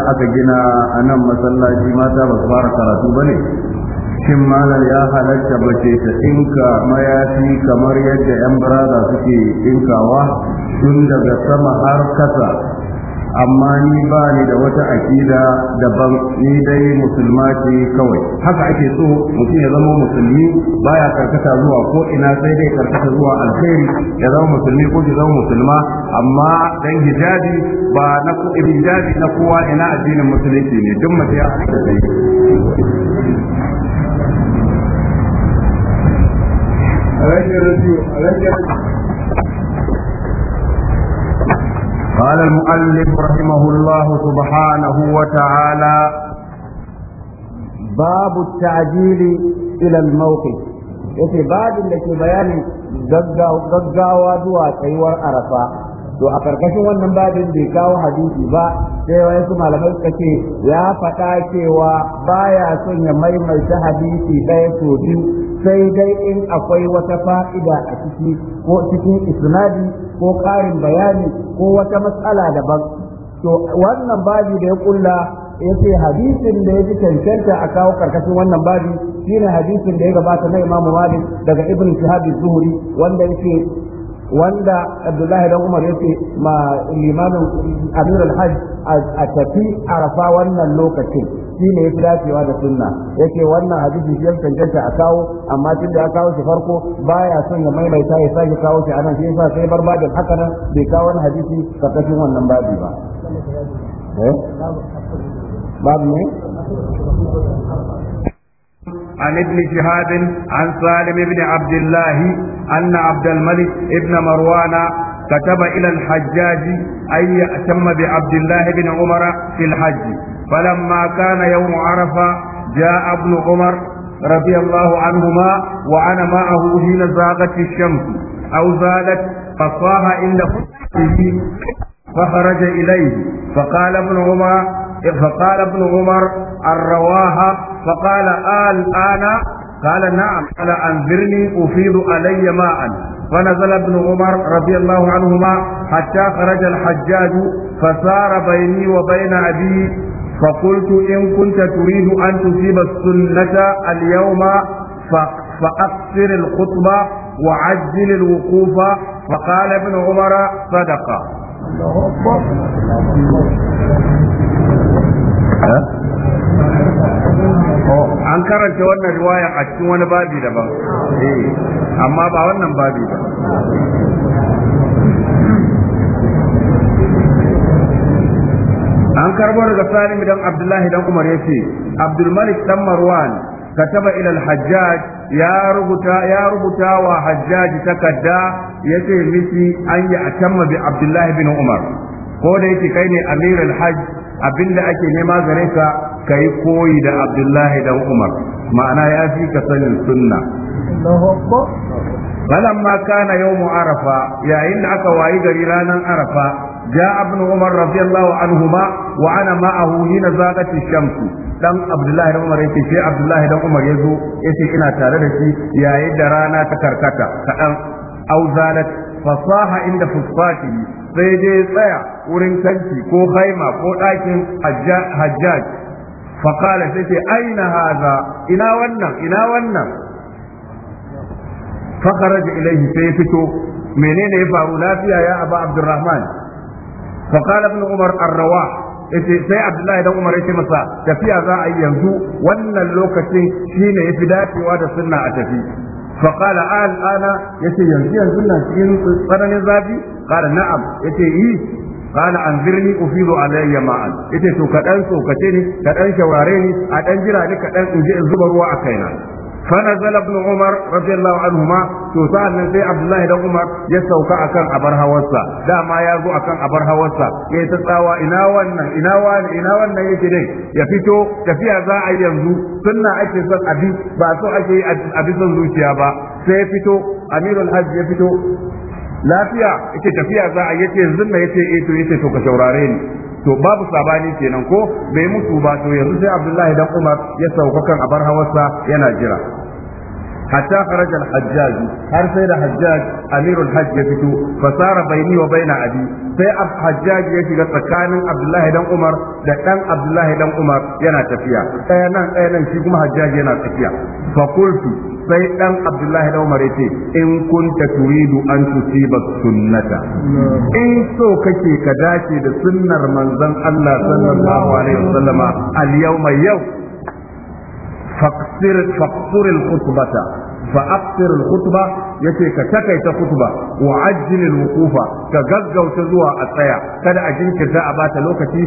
da aka gina a nan masallaci mata ba su fara karatu ba ne shin malam ya halatta ce ta inka mayafi kamar yadda 'yan barada suke inkawa tun daga sama har kasa amma ni ba ni da wata akida daban ni dai musulma ce kawai haka ake so mutum ya zama musulmi baya karkata zuwa ko ina sai dai karkata zuwa alkhairi ya zama musulmi ko ya zama musulma amma dan hijabi ba na hijabi na kowa ina addinin musulunci ne duk mutum ya haɗa sai قال المؤلف رحمه الله سبحانه وتعالى باب التعجيل إلى الموقف yace babin da ke bayanin gaggawa zuwa tsayuwar arafa to a karkashin wannan babin bai kawo hadisi ba sai wani su malamai suka ce ya faɗa cewa baya son ya maimaita hadisi ɗaya so biyu sai dai in akwai wata fa'ida a ciki ko cikin isnadi ko ƙarin bayani ko wata matsala daban to wannan babi da ya kulla ya ce hadisin da ya ji cancanta a kawo karkashin wannan babi shine hadisin da ya gabata na Imam Malik daga Ibn Shihab Zuhri wanda yake wanda Abdullahi dan Umar yace ma limamin Amir al-Hajj a tafi arafa wannan lokacin ya fi dacewa da sunna yake wannan hadisi shi yake cancanta a kawo amma tun da ya kawo shi farko baya son ya maimaita ya sake kawo shi anan shi yasa sai bar babin haka nan bai kawo wani hadisi karkashin wannan babi ba eh? babu ne عن ابن شهاب عن سالم بن عبد الله أن عبد الملك ابن مروان كتب إلى الحجاج أن يأتم بعبد الله بن عمر في الحج فلما كان يوم عرفة جاء ابن عمر رضي الله عنهما وأنا معه حين زاغت الشمس أو زالت فصاح إلا فتحه فخرج إليه فقال ابن عمر فقال ابن عمر الرواها فقال آل آنا قال نعم قال أنذرني أفيض علي ماء فنزل ابن عمر رضي الله عنهما حتى خرج الحجاج فسار بيني وبين أبي فقلت إن كنت تريد أن تصيب السنة اليوم فأقصر الخطبة وعجل الوقوف فقال ابن عمر صدق الله أكبر an karanta wannan riwaya a cikin wani babi daban amma ba wannan babi ba an karbo daga salim dan abdullahi dan umar ya ce, Abdulmalik dan marwan kataba ila al ya rubuta ya rubuta wa hajjaj takadda yace miki an yi atamma bi abdullahi bin umar ko da yake kai ne amirul hajj abinda ake nema gare ka kai koyi da abdullahi dan umar ma'ana ya fi ka sanin sunna falamma kana yawmu arafa yayin da aka wayi gari ranar arafa جاء ابن عمر رضي الله عنهما وانا معه حين زاغت الشمس dan Abdullahi dan Umar yace sai Abdullahi da Umar yazo yace ina tare da shi yayin da rana ta karkata kadan auzalat fasaha inda fusfati sai dai tsaya wurin tanki ko haima ko ɗakin hajjaj faƙala sai ce aina haza ina wannan ina wannan fakara da ilaihi sai fito menene ya faru lafiya ya aba abdurrahman فقال ابن عمر الرواح yace sai Abdullahi dan Umar yace masa tafiya za a yi yanzu wannan lokacin shine yafi dacewa da sunna a tafi faqala al ana yace yanzu yanzu nan cikin tsananin zafi qala na'am yace yi qala anzirni ufidu alayya ma'an yace to kadan tsokace ni kadan shaware ni a ɗan jira ni kadan in je in zuba ruwa a kaina فنزل ابن عمر رضي الله عنهما to sa'an sai Abdullahi dan Umar ya sauka akan abar hawarsa dama ya zo akan abar hawarsa ya ta tsawa ina wannan ina wannan wannan yake dai ya fito tafiya za a yanzu sunna ake son abi ba so ake abi son zuciya ba sai ya fito Amirul Hajj ya fito lafiya yake tafiya za a yace zunna yace eh to yace to ka saurare ni to babu sabani kenan ko bai mutu ba to yanzu sai Abdullahi dan Umar ya sauka kan abar hawarsa yana jira Hata kharaja al har sai da hajjaj amirul ya fito fasara baini wa baina abi sai hajjaj ya shiga tsakanin abdullahi dan umar da dan abdullahi dan umar yana tafiya ɗaya nan ɗaya nan shi kuma hajjaj yana tafiya fa sai dan abdullahi dan umar ce in kunta turidu an tusiba sunnata in so kake ka dace da sunnar manzon Allah sallallahu alaihi wasallama al-yawma yau faqsir faqsir al-khutbata fa aqsir al yace ka cakaita khutba wa ajjil ka gaggauta zuwa a tsaya kada a jinkirta a bata lokaci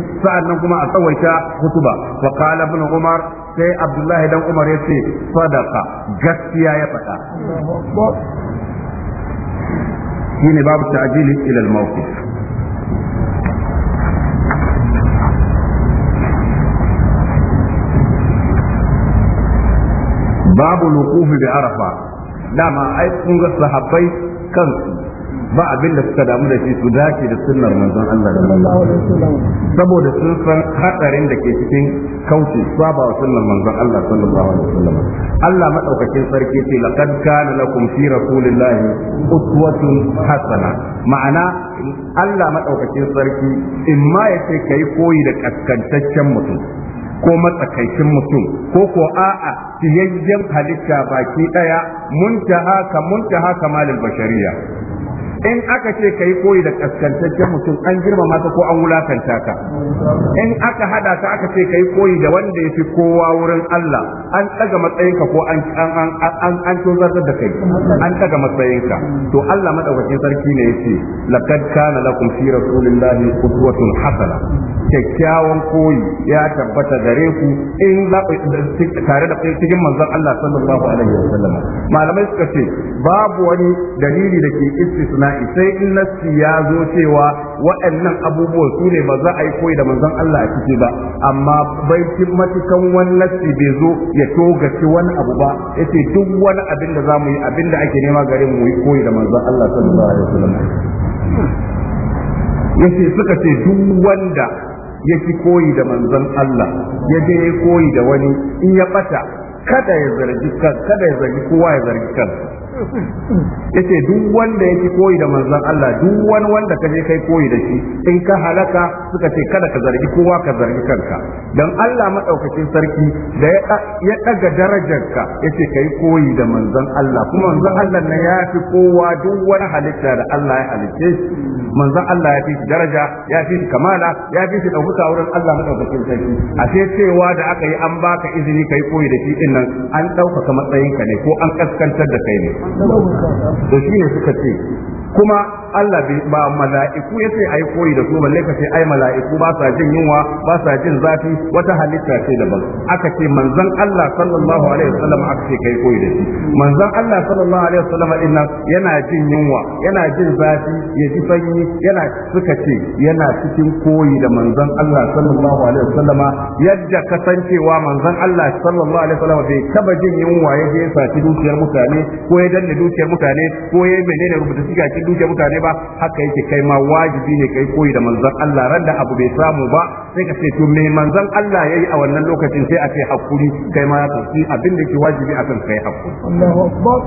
nan kuma a tsawaita khutba fa qala ibn umar sai abdullahi dan umar ya ce sadaqa gaskiya ya faɗa shine babu ta'jili ila al babu lukufi bi arafa dama ai kun ga sahabbai kansu ba abin da suka damu da shi su dace da sunnar manzon Allah sallallahu alaihi saboda sun san hadarin da ke cikin kauce saba wa sunnar manzon Allah sallallahu alaihi wasallam Allah madaukakin sarki ce laqad kana lakum fi rasulillahi uswatun hasana ma'ana Allah madaukakin sarki in ma yace kai koyi da kaskantaccen mutum ko matsakaicin mutum ko ko a'a siyayyen halitta baki daya muntaha ka muntaha kamalil bashariya in aka ce ka yi koyi da kaskantaccen mutum an girmama ka ko an wulakanta ka in aka hada ka aka ce ka yi koyi da wanda ya fi kowa wurin Allah an daga matsayinka ko an an an an tozartar da kai an daga matsayinka to Allah madaukakin sarki ne yace laqad kana lakum fi rasulillahi uswatun hasana kyakkyawan koyi ya tabbata gare ku in za tare da cikin manzon Allah sallallahu alaihi wasallam malamai suka ce babu wani dalili da ke istisna istilahi sai in nassi ya zo cewa waɗannan abubuwan su ne ba za a yi koyi da manzon Allah a ciki ba amma baitin matukan wani nassi bai zo ya togaci wani abu ba yace duk wani abin da za mu yi abin da ake nema gare mu yi koyi da manzon Allah sallallahu alaihi wasallam yace suka ce duk wanda yake koyi da manzon Allah ya je ya koyi da wani in ya bata kada ya zargi kan kada ya zargi kowa ya zargi kan yace duk wanda yake koyi da manzon Allah duk wani wanda kaje kai koyi da shi in ka halaka suka ce kada ka zargi kowa ka zargi kanka dan Allah madaukakin sarki da ya daga darajarka yace kai koyi da manzon Allah kuma manzon Allah ne ya fi kowa duk wani halitta da Allah ya halice shi manzon Allah ya fi daraja ya fi kamala ya fi dauka wurin Allah madaukakin sarki a sai cewa da aka yi an baka izini kai koyi da shi din nan an dauka matsayinka ne ko an kaskantar da kai ne da shi ne suka ce kuma Allah ba mala'iku ya ce ai koyi da su balle ka ce ai mala'iku ba sa jin yunwa ba sa jin zafi wata halitta ce daban aka ce manzon Allah sallallahu alaihi wasallam aka ce kai koyi da shi manzon Allah sallallahu alaihi wasallam din yana jin yunwa yana jin zafi ya ji sanyi yana suka ce yana cikin koyi da manzon Allah sallallahu alaihi wasallam yadda kasancewa manzon Allah sallallahu alaihi wasallam bai taba jin yunwa ya je saci dukiyar mutane ko ya danne dukiyar mutane ko ya menene rubuta cikin zai duke mutane ba haka yake kai ma wajibi ne kai koyi da manzon Allah ran da abu bai samu ba sai ka ce to me manzon Allah yayi a wannan lokacin sai a ce hakuri kai ma ka ci abin da ke wajibi akan kai hakuri Allahu akbar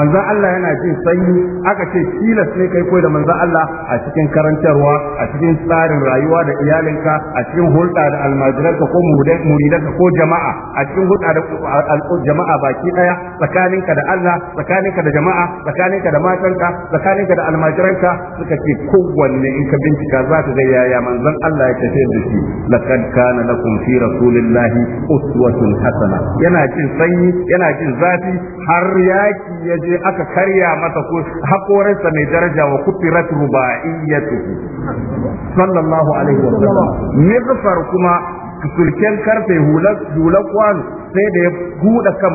manzon Allah yana jin sanyi aka ce tilas ne kai koyi da manzon Allah a cikin karantarwa a cikin tsarin rayuwa da iyalinka a cikin hulɗa da almajiranka ko muridanka ko jama'a a cikin hulɗa da jama'a baki daya tsakaninka da Allah tsakaninka da jama'a tsakaninka da matanka tsakaninka da almajiranka suka ce kowanne in ka bincika za ka ga yaya manzon Allah ya tafiyar da shi laqad kana lakum fi rasulillahi uswatun hasana yana jin sanyi yana jin zafi har yaki ya je aka karya masa ko hakorinsa mai daraja wa kufirat rubaiyatuhu sallallahu alaihi wa sallam kuma sulken karfe hular kwano sai da ya buɗe kan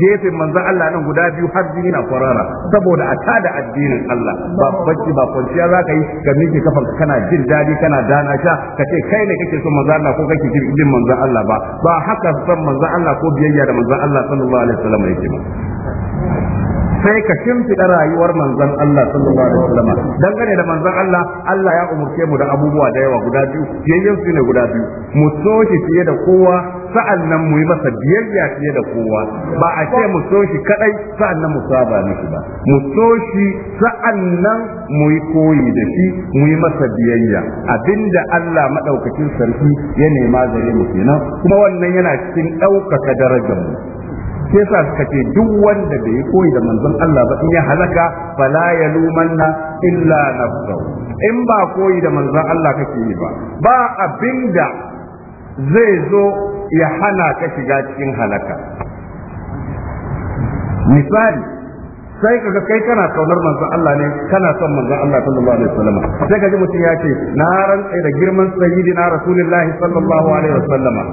gefen manza Allah nan guda biyu har jini na kwarara saboda a da addinin Allah ba bacci ba kwanciya za ka yi ka miki kafan kana jin daɗi kana dana sha ka ce kai ne kake son manzon Allah ko kake jin manzon Allah ba ba haka son manzon Allah ko biyayya da manzon Allah sallallahu alaihi wasallam yake ba sai ka shimfiɗa rayuwar manzon Allah sallallahu alaihi wasallam dangane da manzon Allah Allah ya umurce mu da abubuwa da yawa guda biyu biyayyen su ne guda biyu mu so shi fiye da kowa sa'an nan mu yi masa biyayya fiye da kowa ba a ce mu so shi kadai sa'an nan mu saba mishi ba mu so shi sa'an nan mu yi koyi da shi mu yi masa biyayya abinda Allah maɗaukacin sarki ya nema gare mu kenan kuma wannan yana cikin ɗaukaka darajar mu sai sa suka ce duk wanda bai koyi da manzon Allah ba in ya halaka fala yalumanna illa nafsahu in ba koyi da manzon Allah kake yi ba ba abinda zai zo ya hana ka shiga cikin halaka misali sai kaga kai kana kaunar manzon Allah ne kana son manzon Allah sallallahu alaihi wasallam sai kaji mutum ya ce na rantsa da girman sayyidina rasulullahi sallallahu alaihi wasallama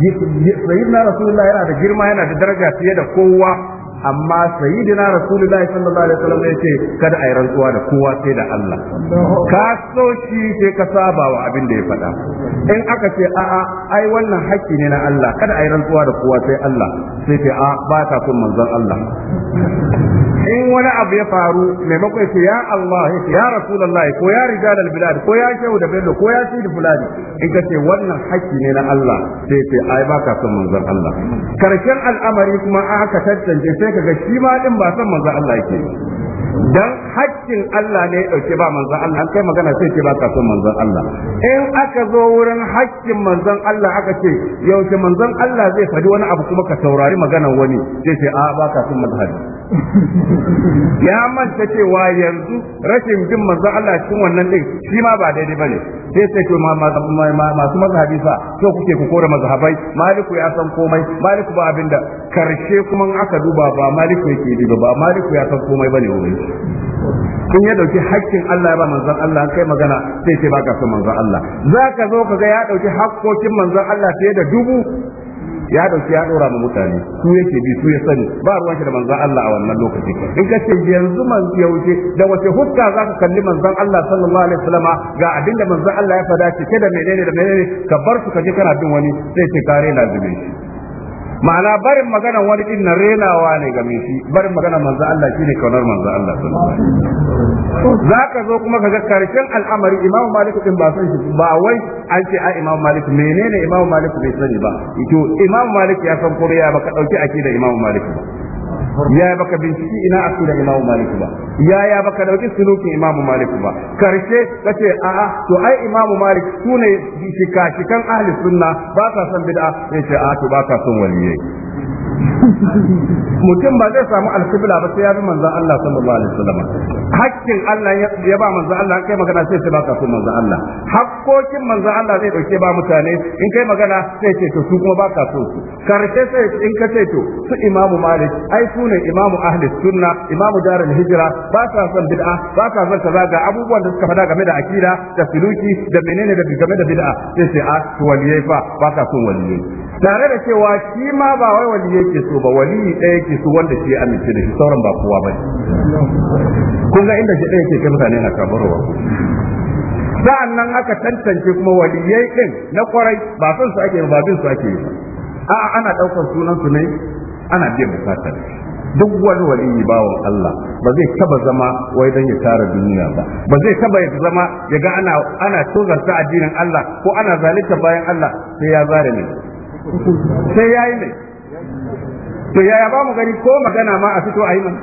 sayyidina rasulullah yana da girma yana da daraja fiye da kowa amma sayyidina rasulullah sallallahu alaihi wasallam ya ce kada a yi rantsuwa da kowa sai da Allah ka so shi sai ka saba wa abin da ya faɗa in aka ce a'a ai wannan haƙƙi ne na Allah kada a yi rantsuwa da kowa sai Allah sai ce a ba ta son manzon Allah in wani abu ya faru maimakon ce ya Allah ya Rasulullah ko ya riga bilad ko ya shehu da bello ko ya sidi fulani in ka ce wannan haƙƙi ne na Allah sai ce ai ba ka son manzon Allah karshen al'amari kuma aka tantance sai kaga shi ma din ba son manzon Allah yake dan haƙƙin Allah ne dauke ba manzon Allah an kai magana sai ce ba ka son manzon Allah in aka zo wurin haƙƙin manzon Allah aka ce yaushe manzon Allah zai faɗi wani abu kuma ka taurari magana wani sai ce a ba ka son mazhabi ya manta cewa yanzu rashin bin manzon Allah cikin wannan din shi ma ba daidai bane sai sai to masu mazhabi fa to kuke ku kore mazhabai maliku ya san komai maliku ba abinda karshe kuma aka duba ba maliku yake duba ba maliku ya san komai bane wuri kun ya dauki hakkin Allah ya ba manzon Allah kai magana sai ce baka son manzon Allah zaka zo ka ga ya dauki hakkokin manzon Allah fiye da dubu ya dauki ya dora mu mutane su yake bi su ya sani ba ruwan shi da manzon Allah a wannan lokaci in ka ce yanzu man yauce da wace hukka za ka kalli manzon Allah sallallahu alaihi wasallam ga abin da manzon Allah ya fada cike da menene da menene ka bar su ka je kana bin wani sai ce kare na ma'ana barin magana wani din na renawa ne ga shi barin magana manzo Allah shine kaunar manzo Allah zaka zo kuma ka ga karshen al'amari imam malik din ba san shi ba wai an ce a imam malik menene imam malik bai sani ba to imam malik ya san koriya ba ka dauki akida imam malik ba ya baka binciki ina aqida imam malik ba ya ya baka dauki sulukin imam malik ba karshe kace a a to ai imam malik sune shika shikan ahli sunna ba ka san bid'a yace a to ba ka son waliyai mutum ba zai samu alkibla ba sai ya bi manzan Allah sallallahu alaihi wasallam hakkin Allah ya ba manzan Allah kai magana sai sai ka so manzan Allah hakkokin manzan Allah zai dauke ba mutane in kai magana sai ce to su kuma ba so su karshe sai in ka ce to su imamu malik ai su ne imamu ahli sunna imamu darul Hijira ba sa son bid'a ba sa son kaza ga abubuwan da suka fada game da akida da suluki da menene da game da bid'a sai sai a ah, waliyai fa ba sa son waliyai tare da cewa shi ma ba wai waliyai ke so ba wali ɗaya ke su wanda ke amince da shi sauran ba kowa ba kun ga inda shi ɗaya ke kai mutane na kabarwa sa'an nan aka tantance kuma waliyai ɗin na kwarai ba son su ake ba bin su ake yi a ana ɗaukar sunan su ne ana biyan bukatar duk wani waliyi bawan Allah ba zai taba zama wai dan ya tara duniya ba ba zai taba ya zama ya ga ana ana tozarta addinin Allah ko ana zalunta bayan Allah sai ya zare ne sai yayi ne to yaya ba mu gani ko magana ma a fito a yi mana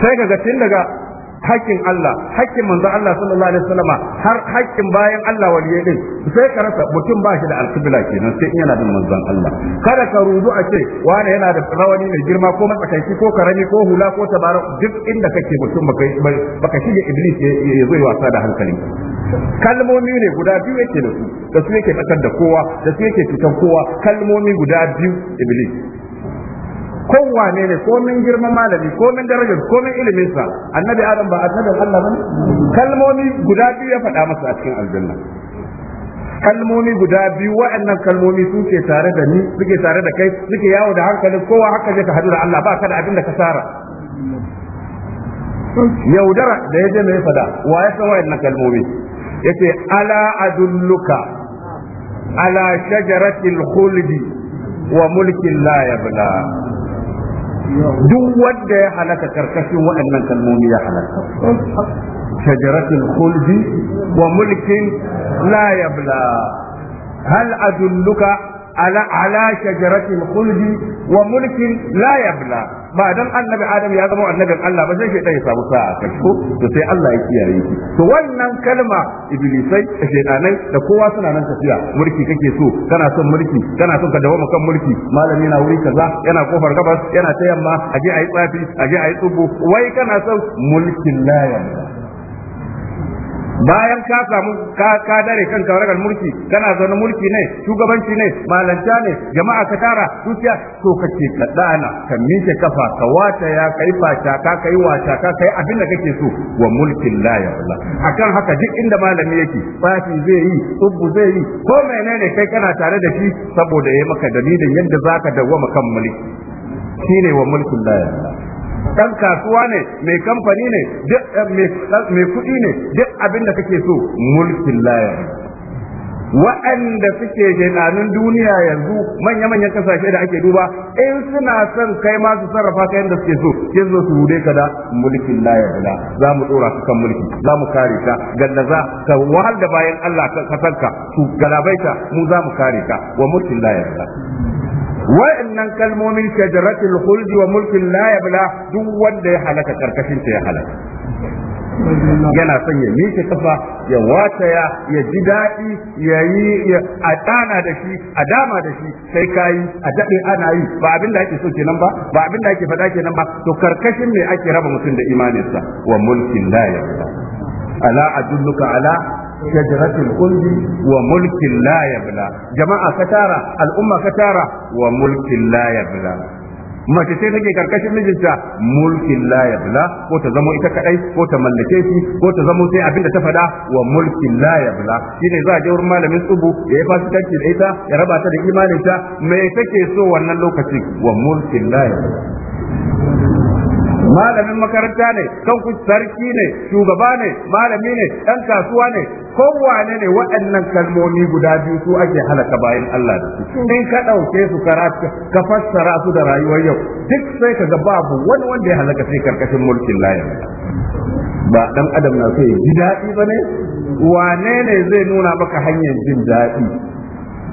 sai ka tun daga hakkin Allah hakkin manzo Allah sallallahu alaihi wasallama har hakkin bayan Allah waliyai din sai ka rasa mutum ba shi da alkibla kenan sai in yana da manzon Allah kada ka rudu a ce wani yana da rawani mai girma ko matsakaici ko karami ko hula ko tabara duk inda kake mutum baka shige iblis ya zo wasa da hankali kalmomi ne guda biyu yake da su da su yake tsakar da kowa da su yake cutar kowa kalmomi guda biyu iblis kowane ne ko min girman malami ko min darajar ilimi sa annabi adam ba annabi Allah bane kalmomi guda biyu ya faɗa masa a cikin aljanna kalmomi guda biyu waɗannan kalmomi suke tare da ni suke tare da kai suke yawo da hankalin kowa haka je ka hadu da Allah ba ka da abin da ka tsara yaudara da yaje mai fada wa ya san waɗannan kalmomi yace ala adulluka ala shajaratil khuldi wa mulkin la yabla duk wanda ya halaka karkashin waɗannan kalmomi ya halaka shajaratul khuldi wa mulkin la yabla هل أدلك ala ala shajaratil khuldi wa mulkin la ba dan annabi Adamu ya zama annabin Allah ba sai shaytan ya samu sa'a kai ko to sai Allah ya kiyaye shi to wannan kalma iblisai da shaiɗanai da kowa suna nan tafiya mulki kake so kana son mulki kana son ka dawo kan mulki malami yana wuri kaza yana kofar gabas yana ta yamma aje ayi tsafi aje ayi tsubo wai kana son mulkin la bayan ka samu ka dare kan kawaragar mulki kana zaune mulki ne shugabanci ne malanta ne jama'a ka tara dukiya to ka ce ka dana ka miƙe kafa ka wata ya kai fata ka kai wata ka kai abin da kake so wa mulkin la ya Allah akan haka duk inda malami yake fati zai yi tubbu zai yi ko menene kai kana tare da shi saboda yayi maka dalilin yadda zaka dawwama kan mulki shine wa mulkin la ya Allah dan kasuwa ne mai kamfani ne duk eh, mai kuɗi ne duk abin da kake so mulkin laya waɗanda suke jinanun duniya yanzu manya-manyan kasashe da ake duba in suna son kai ma su sarrafa ta yadda suke so sai zo su hude ka da mulkin la za mu dora su kan mulki za mu kare ka za, ka wahal da bayan Allah ka sanka su galabaita mu za mu kare ka wa mulkin la wa'annan kalmomin shajaratul khuldi wa mulkin la yabla duk wanda ya halaka karkashin ta ya halaka yana son ya miƙe kafa ya wataya ya ji daɗi ya yi a ɗana da shi a dama da shi sai kayi a daɗe ana yi ba abin da ake so kenan ba ba abin da ake faɗa kenan ba to karkashin me ake raba mutum da imaninsa wa mulkin la yabla ala adulluka ala shajaratul khuldi wa mulkin layabla. jama'a ka tara al'umma ka tara wa mulkin layabla. mace ce take karkashin mijinta mulkin layabla. yabla ko ta zamo ita kadai ko ta mallake shi ko ta zamo sai abin da ta faɗa, wa mulkin layabla. yabla shine za a je wurin malamin tsubu ya yi fasikanci da ita ya rabata da imanin ta, me take so wannan lokacin wa mulkin la malamin makaranta ne kan ku sarki ne shugaba ne malami ne dan kasuwa ne ko wane ne waɗannan kalmomi guda biyu su ake halaka bayan Allah da su hmm. in ka ɗauke su karatu ka fassara su da rayuwar yau duk sai ka ga babu wani wanda ya halaka sai karkashin mulkin layin ba dan adam na sai ji daɗi ba ne wane ne zai nuna maka hanyar jin daɗi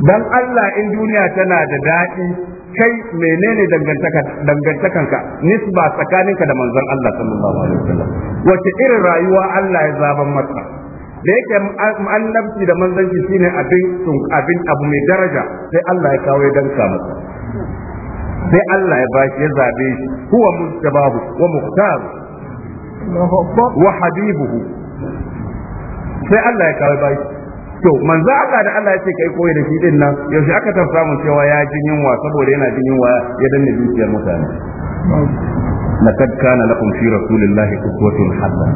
dan Allah in duniya tana da daɗi kai menene dangantaka dangantakanka nisba tsakaninka da manzon Allah sallallahu alaihi wasallam wace irin rayuwa Allah ya zaban masa da yake annabci da manzanci shine abin abin abu mai daraja sai Allah ya kawo dan samu. sai Allah ya bashi ya zabe shi huwa mustabahu wa muhtar wa habibuhu sai Allah ya kawo bashi to manzo Allah da Allah ya ce kai koyi da shi din nan yaushe aka tafsa mu cewa ya jin yunwa saboda yana jin yunwa ya danne dukiyar mutane laqad kana lakum fi rasulillahi uswatun hasana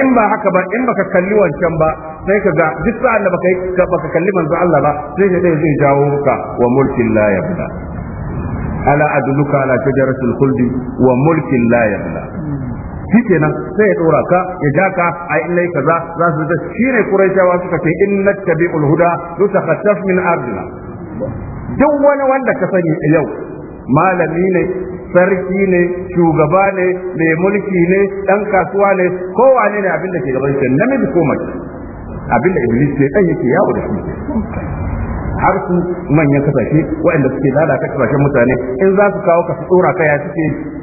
in ba haka ba in baka kalli wancan ba sai ka ga duk sa'an da baka baka kalli manzo Allah ba sai ka zai jawo ka wa mulkin la yabla ala adluka ala shajaratil khuldi wa mulkin la yabla shi kenan sai ya dora ka ya ja ka ai in kaza za su da shi ne suka ce inna tabi'ul huda nutakhattaf min ardina duk wani wanda ka sani yau malami ne sarki ne shugaba ne mai mulki ne dan kasuwa ne kowane ne abin ke gaban shi namiji ko mace abin iblis ne dan yake yawo da shi har su manyan kasashe waɗanda suke lalata kasashen mutane in za su kawo ka su tsora kaya suke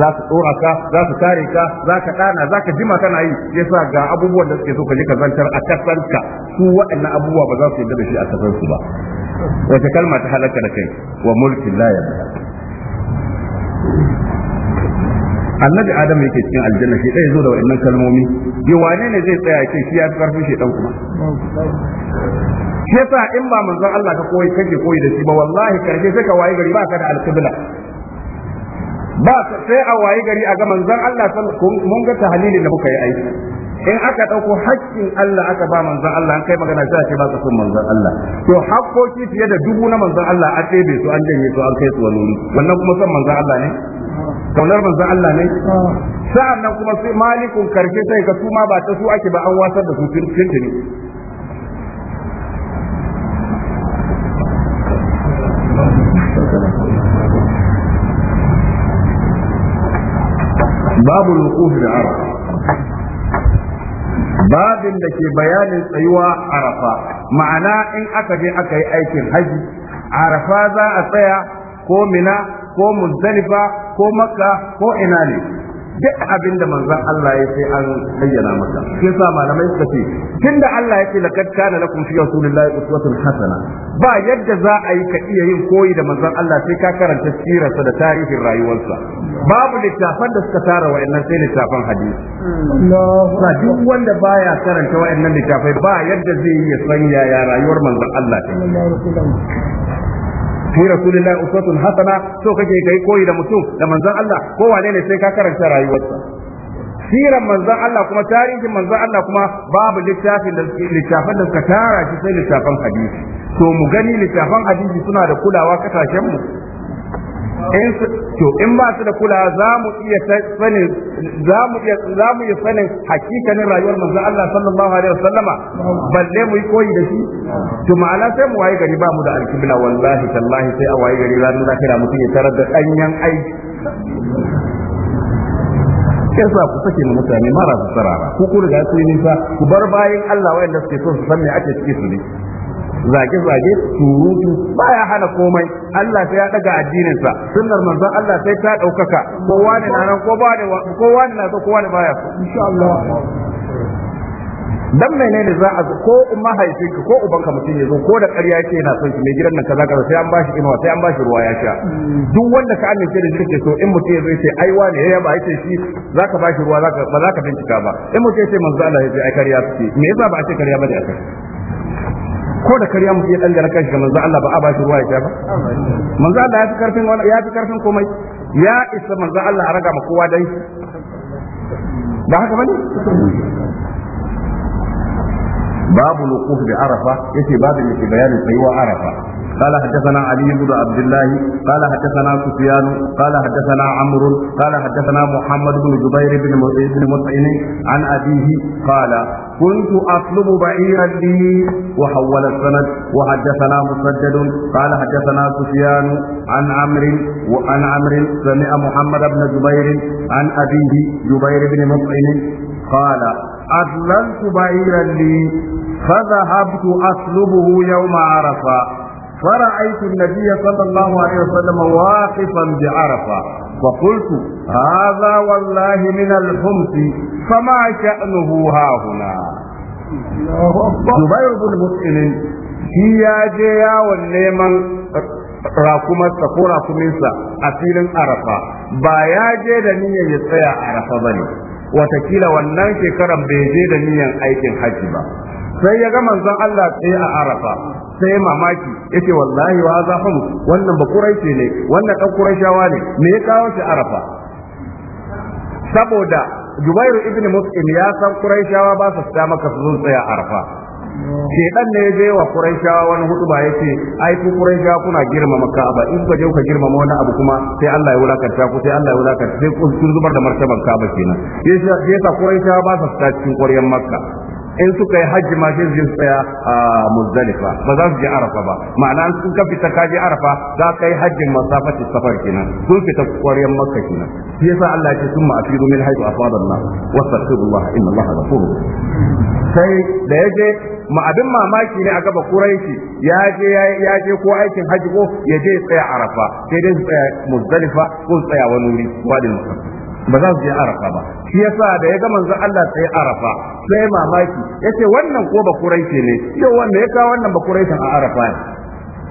za su tsora ka za su kare ka za ka dana za ka jima kana yi Ya sa ga abubuwan da suke so ka je ka zantar a kasanka su waɗannan abubuwa ba za su yadda da shi a kasansu ba wace kalma ta halarta da kai wa mulkin layar da annabi adam yake cikin aljanna shi ɗaya zo da waɗannan kalmomi bi wane ne zai tsaya ke shi ya fi karfin shi dan kuma shi yasa in ba manzon Allah ka koyi kake koyi da shi ba wallahi karshe sai ka wayi gari ba ka da alqibla ba sai a waye gari a ga manzon Allah mun ga tahlilin da muka yi aiki in aka ɗauko haƙƙin Allah aka ba manzon Allah an kai magana sai ce ba ka son manzon Allah to haƙƙoƙi fiye da dubu na manzon Allah a ɗebe su an janye su an kai su wani wannan kuma son manzon Allah ne kaunar manzon Allah ne sa'an nan kuma sai malikun karshe sai ka su ma ba ta su ake ba an wasar da su tuntuni babu al da arafa babin da ke bayanin tsayuwa arafa ma'ana in aka je aka yi aikin haji arafa za a tsaya ko mina ko muzdalifa ko makka ko ina ne duk abin da manzon Allah ya sai an bayyana maka shi yasa malamai suka ce tunda Allah ya ce laqad kana lakum fi rasulillahi uswatun hasana ba yadda za a yi ka iya yin koyi da manzon Allah sai ka karanta sirarsa da tarihin rayuwarsa babu littafan da suka tara wa'annan sai littafan hadisi ba duk wanda baya karanta wa'annan littafai ba yadda zai yi ya san yaya rayuwar manzon Allah ta fi rasulillah uswatun hasana so kake kai koyi da mutum da manzon Allah ko wane ne sai ka karanta rayuwarsa siran manzon Allah kuma tarihin manzon Allah kuma babu littafin da littafin da suka tara shi sai littafin hadisi to mu gani littafin hadisi suna da kulawa kasashen mu in to in ba su da kula za mu iya sanin za mu iya za mu iya sanin hakikanin rayuwar manzon Allah sallallahu alaihi wasallama balle mu yi koyi da shi to ma'ana sai mu waye gari ba mu da alkibla wallahi tallahi sai a waye gari ranar zakira mutum ya tarar da danyen aiki sa ku sake na mutane mara su sarara ku ku riga su yi nisa ku bar bayan Allah wayanda suke so su san me ake cike su ne zage-zage surutu baya hana komai Allah sai ya daga addininsa sunnar manzon Allah sai ta daukaka kowa ne na nan kowa ne kowa ne na so kowa ne baya insha Allah dan menene za a ko umma haife ka ko uban ka mutum ya zo ko da ƙarya yake yana son ki mai gidan nan kaza kaza sai an bashi inuwa sai an bashi ruwa ya sha mm. duk wanda ka amince da shi kake so in mutum ya zo yace ai wane ya ba yace shi zaka bashi ruwa zaka ba zaka bincika ba in mutum yace manzo Allah ya ce ai ƙarya suke me yasa ba a ce ƙarya ba da aka ko da kariya mutum ya dangana kanshi ga manzo Allah ba a bashi ruwa ya sha ba manzo Allah ya fi karfin ya fi karfin komai ya isa manzo Allah a raga ma kowa dai ba haka bane babu luquf bi arafa yace babu yake bayanin tsayuwa arafa قال حدثنا علي بن عبد الله قال حدثنا سفيان قال حدثنا عمرو قال حدثنا محمد بن جبير بن مطعم عن أبيه قال كنت أطلب بعيرا لي وحول السند وحدثنا مسدد قال حدثنا سفيان عن عمرو وعن عمرو سمع محمد بن جبير عن أبيه جبير بن مطعم قال أطلبت بعيرا لي فذهبت أطلبه يوم عرفة فرأيت النبي صلى الله عليه وسلم واقفا بعرفة فقلت هذا والله من الحمص فما شأنه ها هنا زبير بن مسلم shi ya je yawon neman rakumarsa ko rakuminsa a filin arafa ba ya je da niyyar ya tsaya arafa ba ne watakila wannan shekaran bai je da niyyar aikin hajji ba sai ya ga manzon Allah tsaye a arafa sai mamaki ya ce wallahi wa za famu wannan ba quraishi ne wannan ɗan quraishawa ne me ya kawo shi arafa saboda Jubairu ibn Mus'im ya san Quraishawa ba su sa maka su tsaya arafa shedan ne ya je wa Quraishawa wani hutuba ce ai ku Quraishawa kuna girmama Ka'aba in ka je ka girmama wani abu kuma sai Allah ya wulakanta ku sai Allah ya wulakanta sai ku zubar da martaban Ka'aba kenan yasa Quraishawa ba su sa cikin ƙwaryan Makka in suka yi hajji ma sai su tsaya a muzdalifa ba za su je arafa ba ma'ana sun ka fita ka je arafa za ka yi hajjin masafati safar kenan sun fita kwaryan makka kenan shi yasa Allah ya ce summa afidu min haythu afada Allah wastaghfirullah inna Allah ghafur sai da yaje ma abin mamaki ne a gaba kuraishi ya je ya je ko aikin hajji ko ya je tsaya arafa sai dai tsaya muzdalifa ko tsaya wani wuri wadin ba za su je arafa ba shi yasa da ya ga manzo Allah sai arafa sai mamaki yace wannan ko ba kuraishi ne yau wanda ya kawo wannan ba kuraishin a arafa ne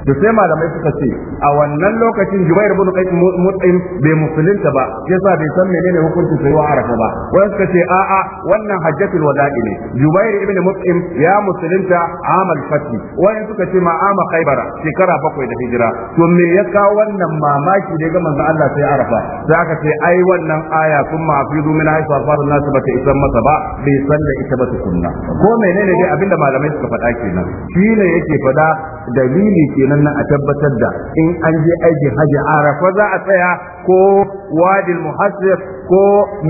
Da sai malamai suka ce a wannan lokacin Jubair ibn Mut'im bai musulunta ba yasa bai san menene hukuncin sai arafa ba wani suka ce a'a wannan hajjatul wada'i ne Jubair ibn Mut'im ya musulunta amal fati wani suka ce ma ama khaybara shekara bakwai da hijira to me ya kawo wannan mamaki da ga manzo Allah sai arafa sai aka ce ai wannan aya sun ma fi zu min haifa fara nas ba isan masa ba bai san da ita ba tukunna ko menene dai abinda malamai suka faɗa kenan shine yake faɗa dalili kenan na a tabbatar da in an je aikin haji arafa za a tsaya ko wadil muhassif ko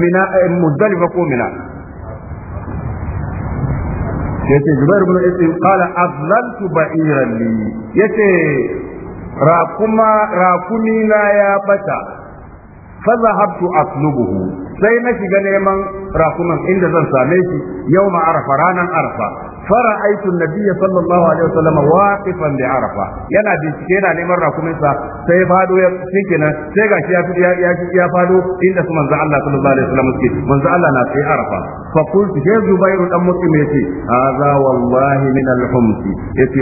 mina eh, muzdalifa ko mina yace jubair ibn isim qala azlantu ba'iran li yace rakuma rakumi na ya bata fa zahabtu aslubuhu sai na shiga neman raƙumin inda zan same shi yau ma'arafa, ranar arafa fara aikin nabiyya sallallahu alaihi wasallam waqifan da arafa yana bincike yana neman rakumin sa sai fado ya shikenan sai gashi ya ya inda su manzo Allah sallallahu alaihi wasallam suke manzo Allah na sai arafa fa qultu ya zubairu dan muslim yace hadha wallahi min al-hums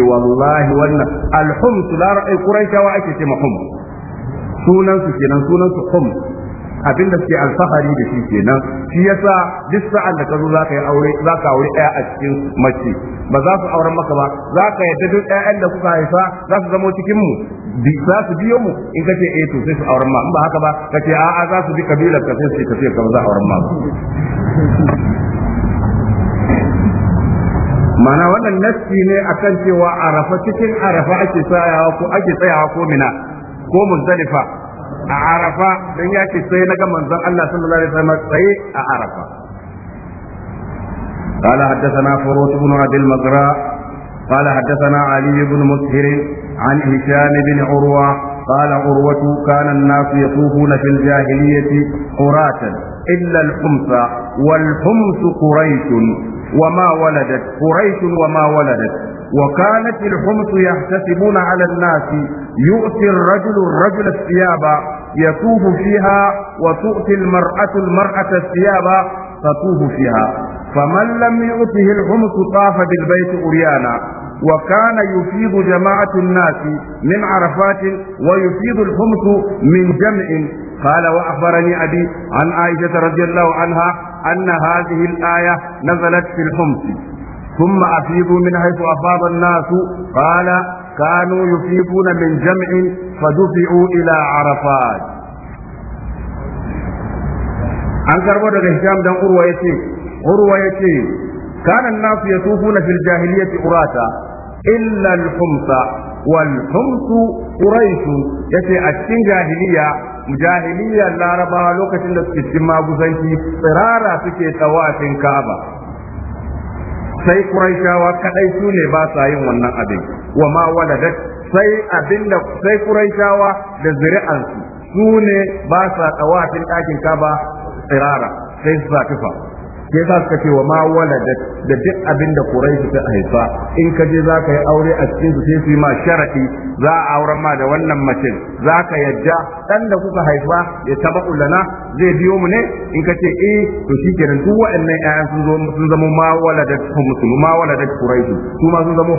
wallahi wannan la ake ce mahum sunan su kenan sunan su hum abin da suke alfahari da shi kenan shi yasa duk sa'an da ka zo zaka yi aure zaka aure ɗaya a cikin mace ba za su auren maka ba zaka yadda duk ɗayan da kuka haifa za su zamo cikin mu za su biyo mu in ka ce eh to sai su auren ma in ba haka ba ka ce a'a za su bi kabilar ka sai su ka ce ka za auren ma mana wannan nassi ne akan cewa arafa cikin arafa ake tsayawa ko ake tsayawa ko mina ko muzdalifa a arafa dan ya ce sai naga manzon Allah sallallahu alaihi wasallam sai a arafa قال حدثنا فروت بن عبد المزرع قال حدثنا علي بن مسهر عن هشام بن عروة قال عروة كان الناس يطوفون في الجاهلية قراة إلا الحمص والحمص قريش وما ولدت قريش وما ولدت وكانت الحمص يحتسبون على الناس يؤتي الرجل الرجل الثياب يطوف فيها وتؤتي المرأة المرأة الثياب تطوف فيها فمن لم يؤته الحمص طاف بالبيت أريانا وكان يفيض جماعة الناس من عرفات ويفيض الحمص من جمع قال وأخبرني أبي عن عائشة رضي الله عنها أن هذه الآية نزلت في الحمص ثم أفيضوا من حيث nasu, الناس قال كانوا يفيضون من جمع فدفعوا إلى عرفات an karbo daga hisham dan urwa yace urwa yace kana an-nas yatufuna fil jahiliyyati urata illa al-humsa wal humsu quraish yace a cikin jahiliya jahiliya larabawa lokacin da suke cikin magusanci tsirara suke tawafin ka'aba sai Quraishawa kadai su ne ba sa yin wannan abin wa ma waladat sai abinda sai Quraishawa da zuri'ansu su ne ba sa tsawafin ɗakin Kaba tsirara sai su sa ke za suka ce wa ma da duk abin da quraish ta haifa in ka je za ka yi aure a cikin su sai su yi ma sharadi za a auren ma da wannan mace za ka yadda dan da kuka haifa ya taba ulana zai biyo mu ne in ka ce eh to shikenan duk waɗannan ƴaƴan sun zo sun zama ma da humsu ma da su ma sun zama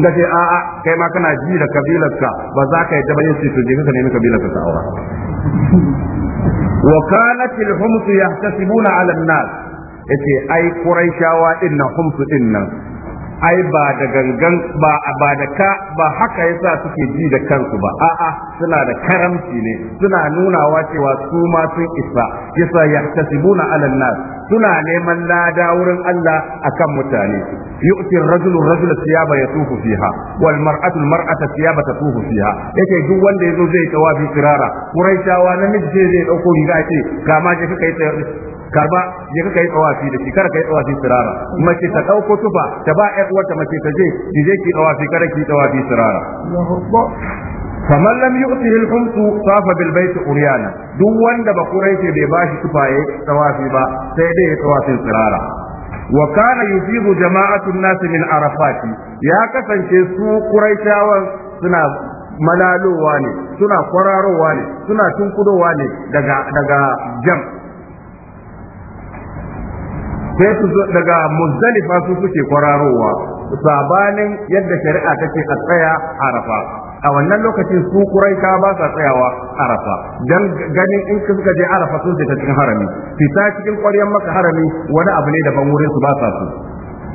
ke kenan in ka ce a a kai ma kana ji da kabilarka ba za ka yadda ba yace to je ka nemi kabilarka ta aura وكانت الحمص يحتسبون على الناس yace ai quraishawa din nan humsu din nan ai ba da gangan ba da ka ba haka yasa suke ji da kansu ba a'a suna da karamci ne suna nunawa cewa su ma sun isa yasa tasibuna ala nas suna neman lada wurin Allah akan mutane yu'ti ar-rajulu ar rajula thiyaba yatufu fiha wal mar'atu al-mar'ata thiyaba tatufu fiha yake duk wanda yazo zai tawafi kirara quraishawa namiji zai dauko riga ce ga ma je kai karba ya ka kai tsawafi da shi kar kai tsawafi sirara mace ta dauko tufa ta ba ƴar uwarta mace ta je ki je ki tsawafi kada ki tsawafi sirara kamar lam yi al-humsu safa bilbai ta uriyana duk wanda ba ke bai bashi yi tsawafi ba sai dai ya tsawafi sirara wa kana yufidu jama'atu an-nas min arafati ya kasance su quraishawan suna malalowa ne suna kwararowa ne suna tunkudowa ne daga daga jam' sai su zo daga muzdalifa su suke kwararowa sabanin yadda shari'a take a tsaya arafa a wannan lokacin su kurai ka ba sa tsayawa arafa dan ganin in suka je arafa sun ta cikin harami fita cikin ƙwaryar maka harami wani abu ne daban wurin su ba sa su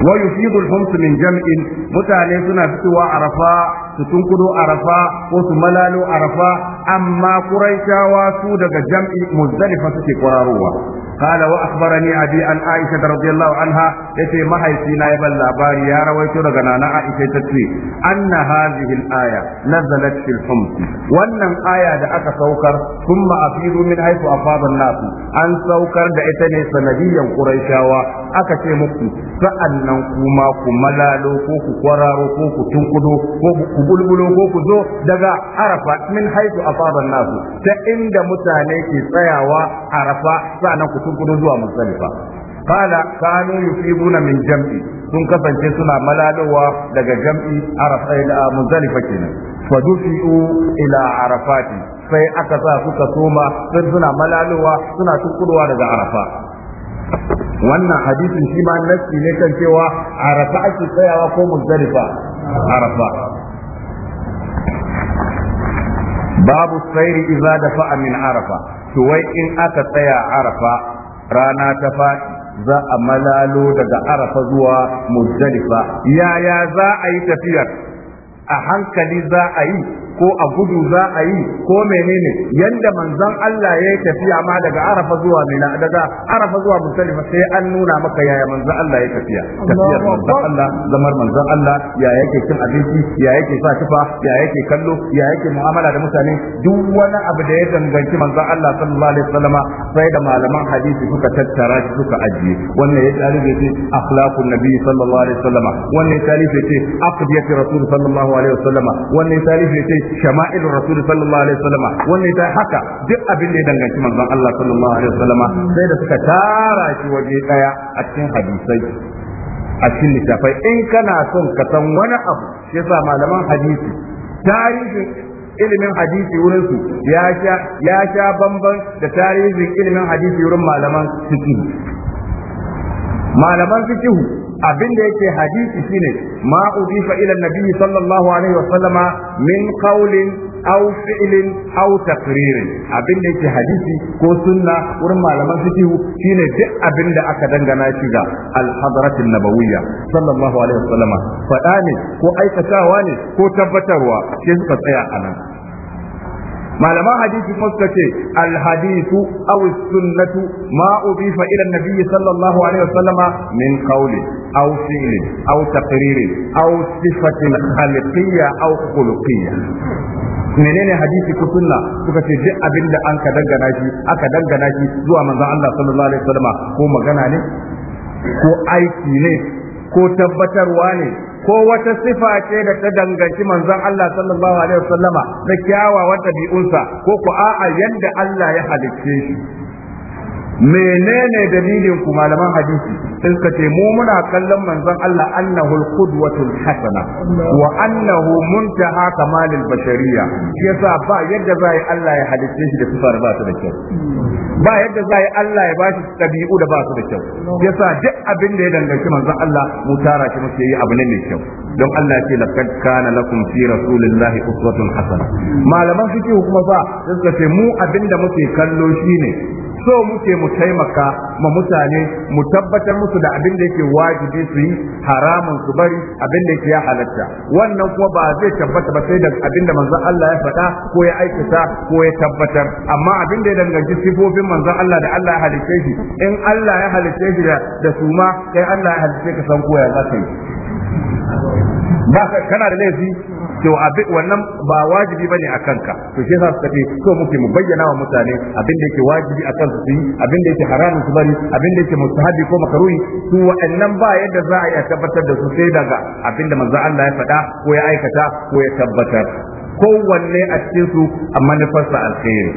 wa yufidul humsu min jam'in mutane suna fitowa arafa su tunkudo arafa ko su malalo arafa amma kuraitawa su daga jam'i muzdalifa suke kwararowa قال واخبرني ابي عن عائشه رضي الله عنها يتي ما هي سينا يبل لاباري يا رويتو daga nana Aisha tace anna hadhihi al-aya nazalat fil wannan aya da aka saukar kuma afidu min haifu a an nasu, an saukar da ita ne sanadiyan quraishawa aka ce muku nan kuma ku malalo ko ku kwararo ko ku tunkudo ko ku bulbulo ko ku zo daga arafa min haitu faɗin nasu ta inda mutane ke tsayawa arafa nan ku tunkudo zuwa musalifa Kala kanu yusibuna min jam'i sun kasance suna malalowa daga jam'i arafa ila eh, muzalifa kenan fadufi'u ila arafati sai aka sa suka soma sun suna malalowa suna tukuruwa daga arafa wannan hadisin shi ma nassi ne kan cewa arafa ake tsayawa ko muzdalifa arafa babu sairi da fa'a min arafa to wai in aka tsaya arafa rana ta faɗi za a malalo daga arafa zuwa muzdalifa yaya za a yi tafiyar a hankali za a yi ko a gudu za a yi ko menene yanda manzon Allah ya tafiya ma daga Arafa zuwa Mina daga Arafa zuwa Muzdalifa sai an nuna maka yaya manzon Allah ya tafiya tafiyar manzon Allah zamar manzon Allah ya yake cin abinci ya yake sa tufa ya yake kallo ya yake mu'amala da mutane duk wani abu da ya danganci manzon Allah sallallahu alaihi wasallam sai da malaman hadisi suka tattara shi suka ajiye wannan ya talibe ce akhlaqun nabi sallallahu alaihi wasallam wannan ya talibe ce aqdiyatu rasul sallallahu alaihi wasallam wannan ya talibe ce shama'il rasul sallallahu alaihi wasallam wannan ta haka duk abin da ya danganci manzon Allah sallallahu alaihi wasallam sai da suka tara shi waje daya a cikin hadisai a cikin littafai in kana son ka san wani abu shi yasa malaman hadisi tarihin ilimin hadisi wurin su ya sha ya sha bamban da tarihin ilimin hadisi wurin malaman fiqh malaman fiqh abin da yake hadisi shine ma udifa ila nabi sallallahu alaihi wa sallama min qawlin aw fi'lin aw taqririn abin da yake hadisi ko sunna wurin malaman fiqh shine duk abin da aka dangana shi ga al-hadratin nabawiyya sallallahu alaihi wa sallama fada ne ko aikatawa ne ko tabbatarwa sai suka tsaya anan malaman hadisi kuma ce al hadithu aw sunnatu ma ubifa ila nabi sallallahu alaihi wasallama min qawli aw fi'li aw taqriri aw sifatin khaliqiyya aw khuluqiyya menene hadisi ko sunna suka ce duk abin da an ka dangana shi aka dangana shi zuwa manzon Allah sallallahu alaihi wasallama ko magana ne ko aiki ne ko tabbatarwa ne ko wata sifa ce da ta danganci manzon Allah sallallahu alaihi wasallama da kyawawan ɗabi'unsa ko ku a'a yadda Allah ya halicce shi menene dalilin ku malaman hadisi sai ce mu muna kallon manzon Allah annahu al hasana wa annahu muntaha kamalil bashariyya yasa ba yadda zai Allah ya halicce shi da sifar ba su da kyau ba yadda zai Allah ya bashi dabi'u da ba su da kyau yasa duk abin da ya danganci manzon Allah mu tara shi muke yi abu ne mai kyau don Allah ya ce laqad kana lakum fi rasulillahi uswatun hasana malaman fiqh kuma ba suka ce mu abin da muke kallo shine so muke mu taimaka ma mutane mu tabbatar musu da abin da yake wajibi su yi haramun su bari abin da yake ya halatta wannan kuma ba zai tabbata ba sai da abin da manzon Allah ya faɗa ko ya aikata ko ya tabbatar amma abin da ya danganci sifofin manzon Allah da Allah ya halice shi in Allah ya halice shi da su ma kai Allah ya halice ka san koya za yi ba kana da laifi to abin wannan ba wajibi bane a kanka to shi yasa suka muke mu bayyana wa mutane abin da yake wajibi akan su yi abin da yake haramun su bari abin da yake mustahabi ko makaruhi su waɗannan ba yadda za a iya tabbatar da su sai daga abin da manzo Allah ya faɗa ko ya aikata ko ya tabbatar kowanne a cikin su a manufarsa alkhairi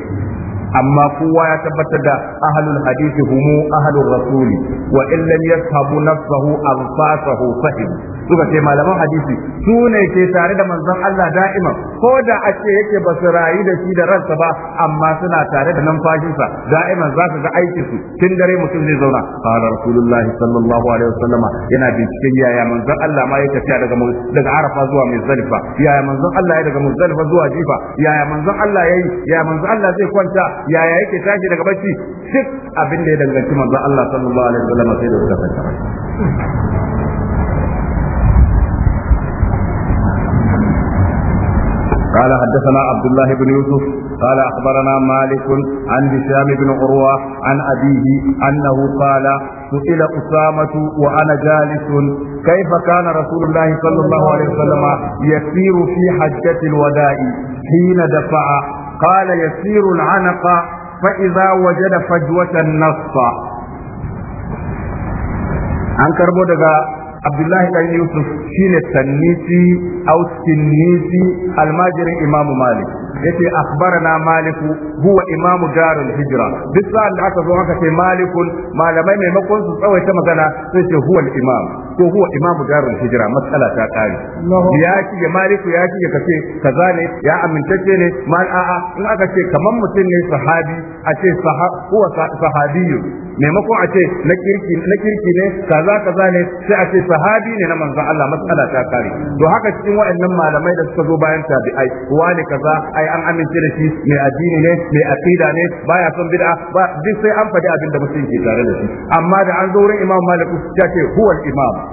amma kowa ya tabbatar da ahlul hadisi humu ahlur rasuli wa in lam yashabu nafsahu anfasahu fahim suka ce malaman hadisi su ne ke tare da manzon Allah da'ima ko da a yake ba su rayu da shi da ransa ba amma suna tare da numfashinsa da'iman za su ga aikin su tun dare mutum zai zauna qala rasulullahi sallallahu alaihi wasallama yana binciken yaya manzon Allah ma ya tafiya daga daga Arafa zuwa Muzdalifa yaya manzon Allah ya daga zuwa Jifa yaya Allah yayi yaya manzon Allah zai kwanta yaya yake tashi daga bacci duk abin da ya danganci manzo Allah sallallahu alaihi wasallam sai da suka قال حدثنا عبد الله بن يوسف قال أخبرنا مالك عن هشام بن عروة عن أبيه أنه قال سئل أسامة وأنا جالس كيف كان رسول الله صلى الله عليه وسلم يسير في حجة الوداع حين دفع قال يسير العنق فإذا وجد فجوة An عن daga Abdullahi ɗan Yusuf shi ne Sannisi au Sinnisi almajirin Imam Malik yace na Maliku huwa imamu darul hijira. duk sa'an da aka zo aka ce Malikun malamai maimakon su tsawaita magana sai ce huwa imam ko huwa imamu darul hijira matsala ta kare ya ya maliku ya ci ya kace kaza ne ya amintacce ne mal a'a in aka ce kaman mutum ne sahabi a ce huwa sahabiyu maimakon a ce na kirki na kirki ne kaza kaza ne sai a ce sahabi ne na manzon Allah matsala ta kare to haka cikin waɗannan malamai da suka zo bayan tabi'ai wani kaza ai an amince da shi mai addini ne mai aqida ne baya son bid'a ba duk sai an faɗi abin da mutum ke tare da shi amma da an zo wurin imam malik ya ce huwa imam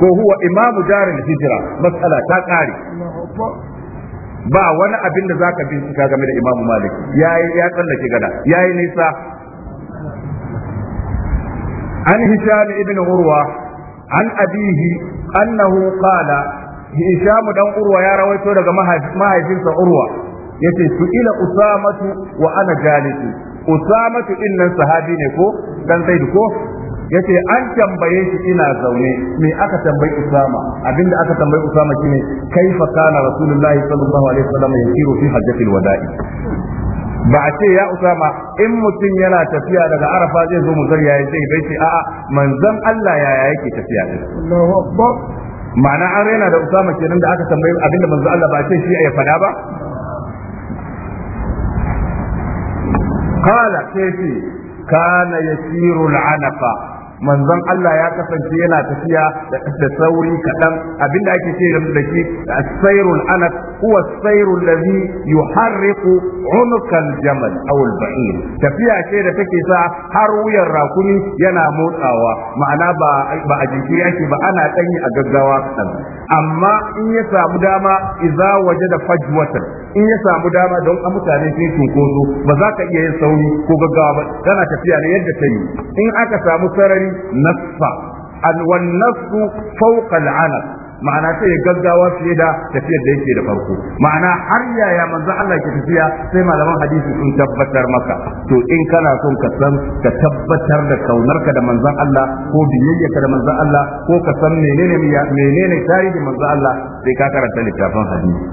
ko huwa imamu jarin hijira matsala ta kare ba wani abin da zaka bincika game da imamu malik yayi ya tsallake gada yayi nisa an hisham ibn urwa an abihi annahu qala hisham dan urwa ya rawaito daga mahaifinsa urwa yace su ila usamatu wa ana jalisi usamatu innan sahabi ne ko dan zaid ko yace an tambaye shi ina zaune me aka tambayi Usama abinda aka tambayi Usama shine kaifa kana Rasulullahi sallallahu alaihi wasallam yasiru fi hajjatil wada'i ba a ce ya Usama in mutum yana tafiya daga Arafa zai zo muzar yayi zai bai ce a'a manzon Allah yaya yake tafiya Allahu akbar ma'ana an raina da Usama kenan da aka tambayi abinda manzon Allah ba a ce shi ya fada ba قال كيف كان يسير العنق manzon Allah ya kasance yana tafiya da sauri kaɗan abinda ake ce da shi as-sayrul anas huwa as-sayrul ladhi yuharriqu al jamal aw al ba'ir tafiya ce da take sa har wuyan rakumi yana motsawa ma'ana ba ba a jinkiri yake ba ana tsanyi a gaggawa kaɗan amma in ya samu dama idza wajada fajwatan in ya samu dama don a mutane sun cunkoso ba za ka iya yin sauri ko gaggawa ba kana tafiya ne yadda ta yi in aka samu sarari nafa an wan la'ana ma'ana sai ya gaggawa fiye da tafiyar da yake da farko ma'ana har yaya manzo Allah ke tafiya sai malaman hadisi sun tabbatar maka to in kana son ka san ka tabbatar da kaunarka da manzon Allah ko biyayyarka da manzon Allah ko ka san menene menene tarihi Allah sai ka karanta littafin hadisi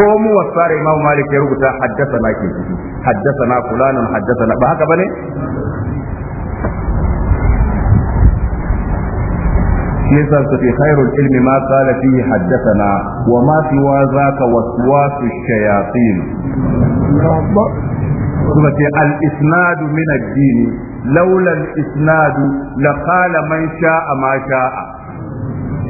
ko mu wasare Imam Malik ya rubuta haddathana ke na haddathana haddasa haddathana ba haka bane yasa su fi khairul ilmi ma qala fihi haddathana wa ma fi wa zaka waswasu shayatin suka ce al isnadu min ad-din laula al isnadu la qala man sha'a ma sha'a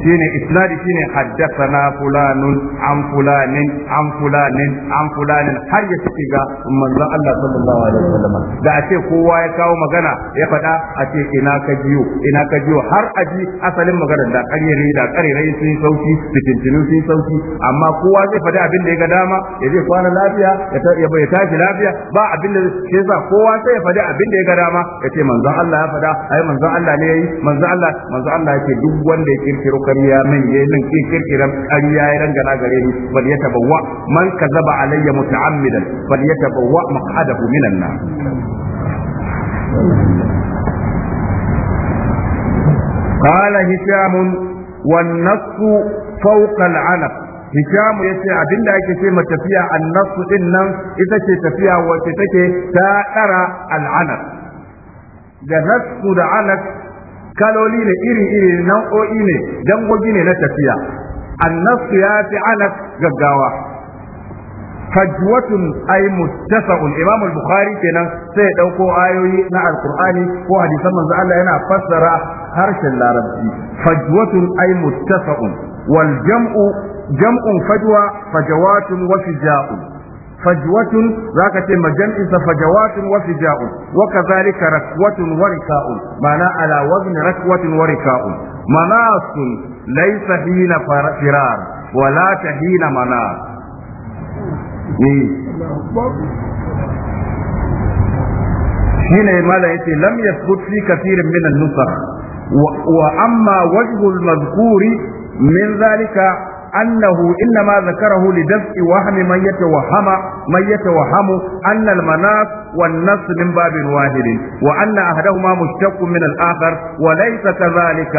shine isnadi shine haddathana fulanun an fulanin an fulanin an fulanin har ya cike ga manzon Allah sallallahu alaihi wasallam da a ce kowa ya kawo magana ya faɗa a ce ina ka jiyo ina ka jiyo har aji asalin magana da karere da karere sun sauki fitintinu sun sauki amma kowa zai faɗi abin da ya ga dama ya zai kwana lafiya ya tashi lafiya ba abin da ke sa kowa sai ya faɗi abin da ya ga dama ya ce manzon Allah ya faɗa ai manzon Allah ne yayi manzon Allah manzon Allah yake duk wanda ya kirkiro ƙarya min yayi eh, nan ki kirkiran ƙarya ya rangana gare ni bal yatabawwa man kazaba alayya muta'ammidan bal yatabawwa maq'adahu minan nar قال هشام والنص فوق العنق هشام yace abin da ake ce ma tafiya annas din nan ita ce tafiya wacce take ta dara da nasu da kaloli ne iri-iri nau'o'i ne dangogi ne na tafiya annas ya fi anas gaggawa fajwatun ay muttasa'un Imam al-bukhari kenan sai ya dauko ayoyi na alqur'ani ko hadisan manzo Allah yana fassara harshen larabci fajwatun ay muttasa'un wal jam'u jam'un fajwa fajawatun wa fija'un فجوة ذاك تم جمع فجوات وفجاء وكذلك ركوة وركاء معنى على وزن ركوة وركاء مناص ليس حين فرار ولا حين مناص هنا ما يتي لم يثبت في كثير من النسخ وأما وجه المذكور من ذلك أنه إنما ذكره لدفع وهم من يتوهم من يتوهم أن المناص والنص من باب واحد وأن أحدهما مشتق من الآخر وليس كذلك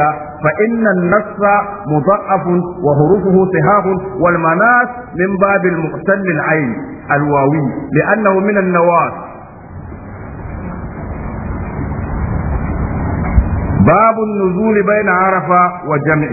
فإن النص مضعف وحروفه صحاح والمناص من باب المقتل العين الواوي لأنه من النواص باب النزول بين عرفة وجمع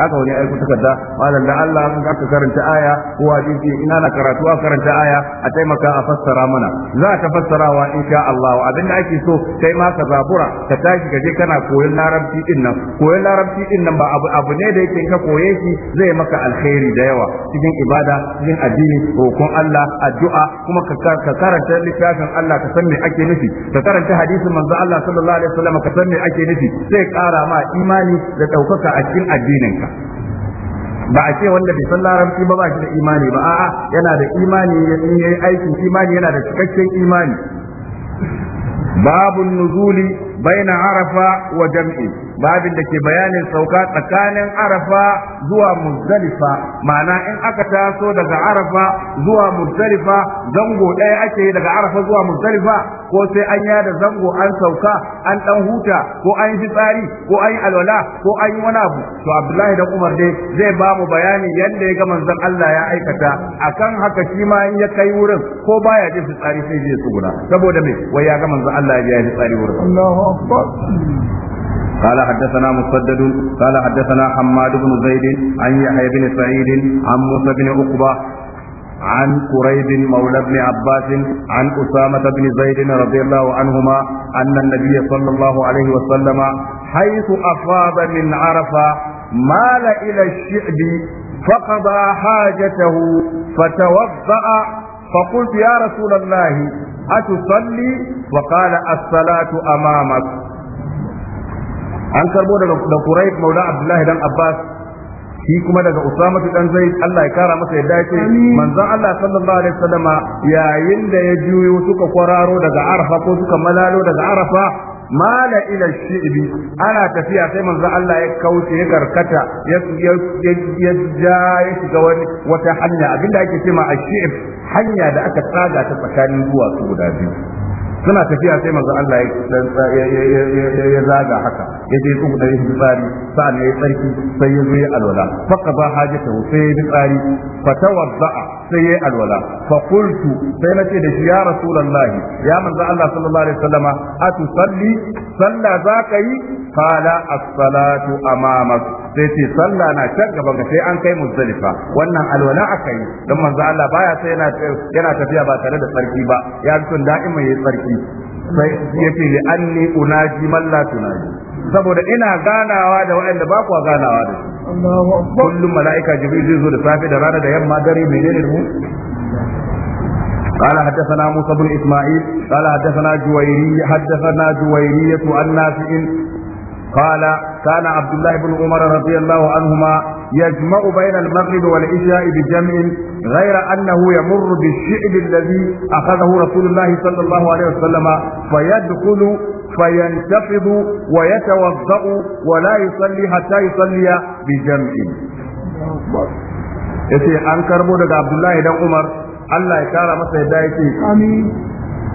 haka wani aiko takarda malam da Allah mun karanta aya ko hadisi in ana karatu a karanta aya a taimaka a fassara mana za ka fassarawa insha Allah abinda ake so kai ma ka zabura ka tashi ka je kana koyon larabci din nan koyon larabci din nan ba abu abu ne da yake ka koye shi zai maka alkhairi da yawa cikin ibada cikin addini rokon Allah addu'a kuma ka karanta littafin Allah ka san me ake nufi ka karanta hadisin manzo Allah sallallahu alaihi wasallam ka san me ake nufi sai ƙara ma imani da ɗaukaka a cikin addininka ba a ce wanda bai san larabci ba ba shi da imani ba a'a yana da imani in yayi aiki, imani yana da cikakken imani babun nuzuli baina arafa wa jam'i babin da ke bayanin sauka tsakanin arafa zuwa muzdalifa ma'ana in aka taso daga arafa zuwa muzdalifa zango ɗaya ake yi daga arafa zuwa muzdalifa ko sai an da zango an sauka an ɗan huta ko an yi tsari ko an yi alwala ko an yi wani abu to abdullahi da umar dai zai ba mu bayani yadda ya ga manzon Allah ya aikata akan haka shi ma in ya kai wurin ko baya jin fitsari sai zai tsuguna saboda me wai ya ga manzon Allah ya yi tsari wurin Allahu akbar قال حدثنا مسدد قال حدثنا حماد بن زيد عن يحيى بن سعيد عن موسى بن عقبة عن قريب مولى بن عباس عن أسامة بن زيد رضي الله عنهما أن النبي صلى الله عليه وسلم حيث أفاض من عرفة مال إلى الشعب فقضى حاجته فتوضأ فقلت يا رسول الله أتصلي فقال الصلاة أمامك an karbo daga kurai maula Abdullahi dan Abbas shi kuma daga Usama dan zai Allah ya kara masa yadda yake manzon Allah sallallahu alaihi wasallama yayin da ya juyo suka kwararo daga Arfa ko suka malalo daga Arafa mala ila shi'bi ana tafiya sai manzon Allah ya kauce ya karkata ya ya ya ya shiga wani wata hanya abinda ake cewa a shi'b hanya da aka tsaga ta tsakanin duwatsu guda biyu suna tafiya sai manzo Allah ya zaga haka ya je tsugu da yin tsari sa'an ya yi tsarki sai ya zo ya alwala faqa ba hajatahu sai ya yi tsari fatawadda'a sai ya yi alwala fa qultu sai na ce da shi ya rasulullahi ya manzo Allah sallallahu alaihi wasallama salli, salla za ka yi kala as-salatu amamak sai ce sallah na can gaba ka sai an kai muzdalifa wannan alwala aka yi don manzo Allah baya sai yana yana tafiya ba tare da tsarki ba ya tun da'ima yayi tsarki sai yace li anni unaji man la tunaji saboda ina ganawa da waɗanda ba kuwa ganawa da su kullum mala'ika jibril zai zo da safe da rana da yamma dare menene mu قال حدثنا موسى بن اسماعيل قال حدثنا جويري حدثنا جويرية عن نافع قال كان عبد الله بن عمر رضي الله عنهما يجمع بين المغرب والعشاء بجمع غير أنه يمر بالشعب الذي أخذه رسول الله صلى الله عليه وسلم فيدخل فينتفض ويتوضأ ولا يصلي حتى يصلي بجمع yace an karbo daga Abdullahi dan Umar Allah ya kara masa yadda yake amin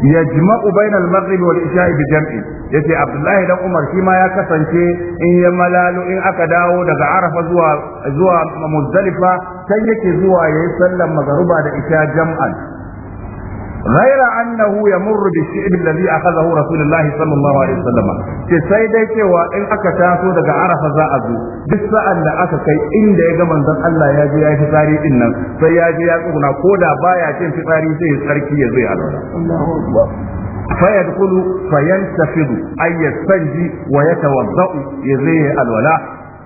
yajma'u bainal maghrib wal isha'i bi jam'i yace abdullahi dan umar shi ma ya kasance in ya malalu in aka dawo daga arafa zuwa zuwa muzdalifa sai yake zuwa yayi sallan magruba da isha jam'an غير أنه يمر بالشعب الذي أخذه رسول الله صلى الله عليه وسلم sai dai cewa in aka taso daga arafa za'a zo duk sa'an da aka kai inda ya ga manzon Allah ya je ya yi fitsari din sai ya je ya tsuguna ko da baya cin fitsari sai sarki ya zai alwala فيدخل فينتفض أي يستنجي ويتوضأ يزيه الولاء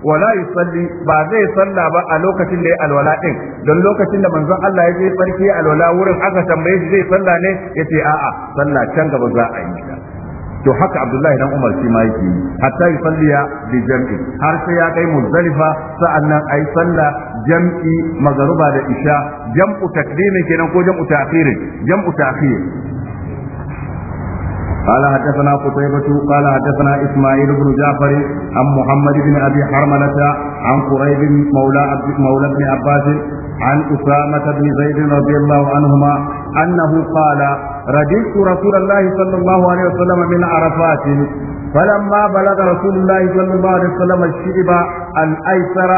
wala yusalli ba zai salla ba a lokacin da ya alwala din don lokacin da manzon Allah ya je farki alwala wurin aka tambaye shi zai salla ne yace a'a salla can gaba za a yi to haka Abdullahi dan Umar shi ma yake hatta yusalliya bi jam'i har sai ya kai Muzdalifa nan ayi salla jam'i magaruba da isha jam'u takdimin kenan ko jam'u ta'khir jam'u ta'khir قال حدثنا قتيبة قال حدثنا إسماعيل بن جعفر عن محمد بن أبي حرملة عن قريب مولى مولى بن عباس عن أسامة بن زيد رضي الله عنهما أنه قال رجلت رسول الله صلى الله عليه وسلم من عرفات فلما بلغ رسول الله صلى الله عليه وسلم الشئب الأيسر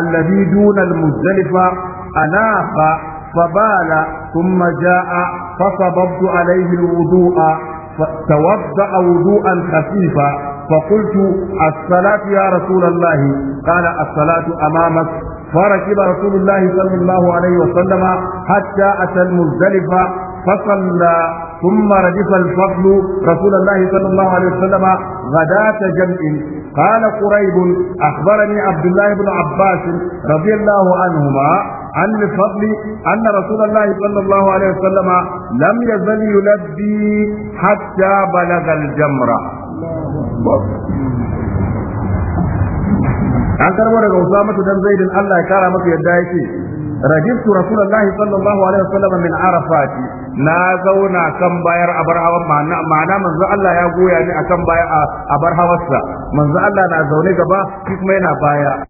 الذي دون المزدلفة أناق فبال ثم جاء فصببت عليه الوضوء توضأ وضوءا خفيفا فقلت الصلاة يا رسول الله قال الصلاة أمامك فركب رسول الله صلى الله عليه وسلم حتى أتى المزدلفة فصلى ثم ردف الفضل رسول الله صلى الله عليه وسلم غداة جمع قال قريب أخبرني عبد الله بن عباس رضي الله عنهما عن الفضل أن رسول الله صلى الله عليه وسلم لم يزل يلبي حتى بلغ الجمرة an karbo daga usamatu dan zaidin Allah ya kara masa yadda yake rajibtu rasulullahi sallallahu alaihi wasallam min arafati na zauna kan bayar abar hawan ma'ana manzo Allah ya goya ni akan bayar abar hawarsa manzo Allah na zaune gaba shi kuma yana baya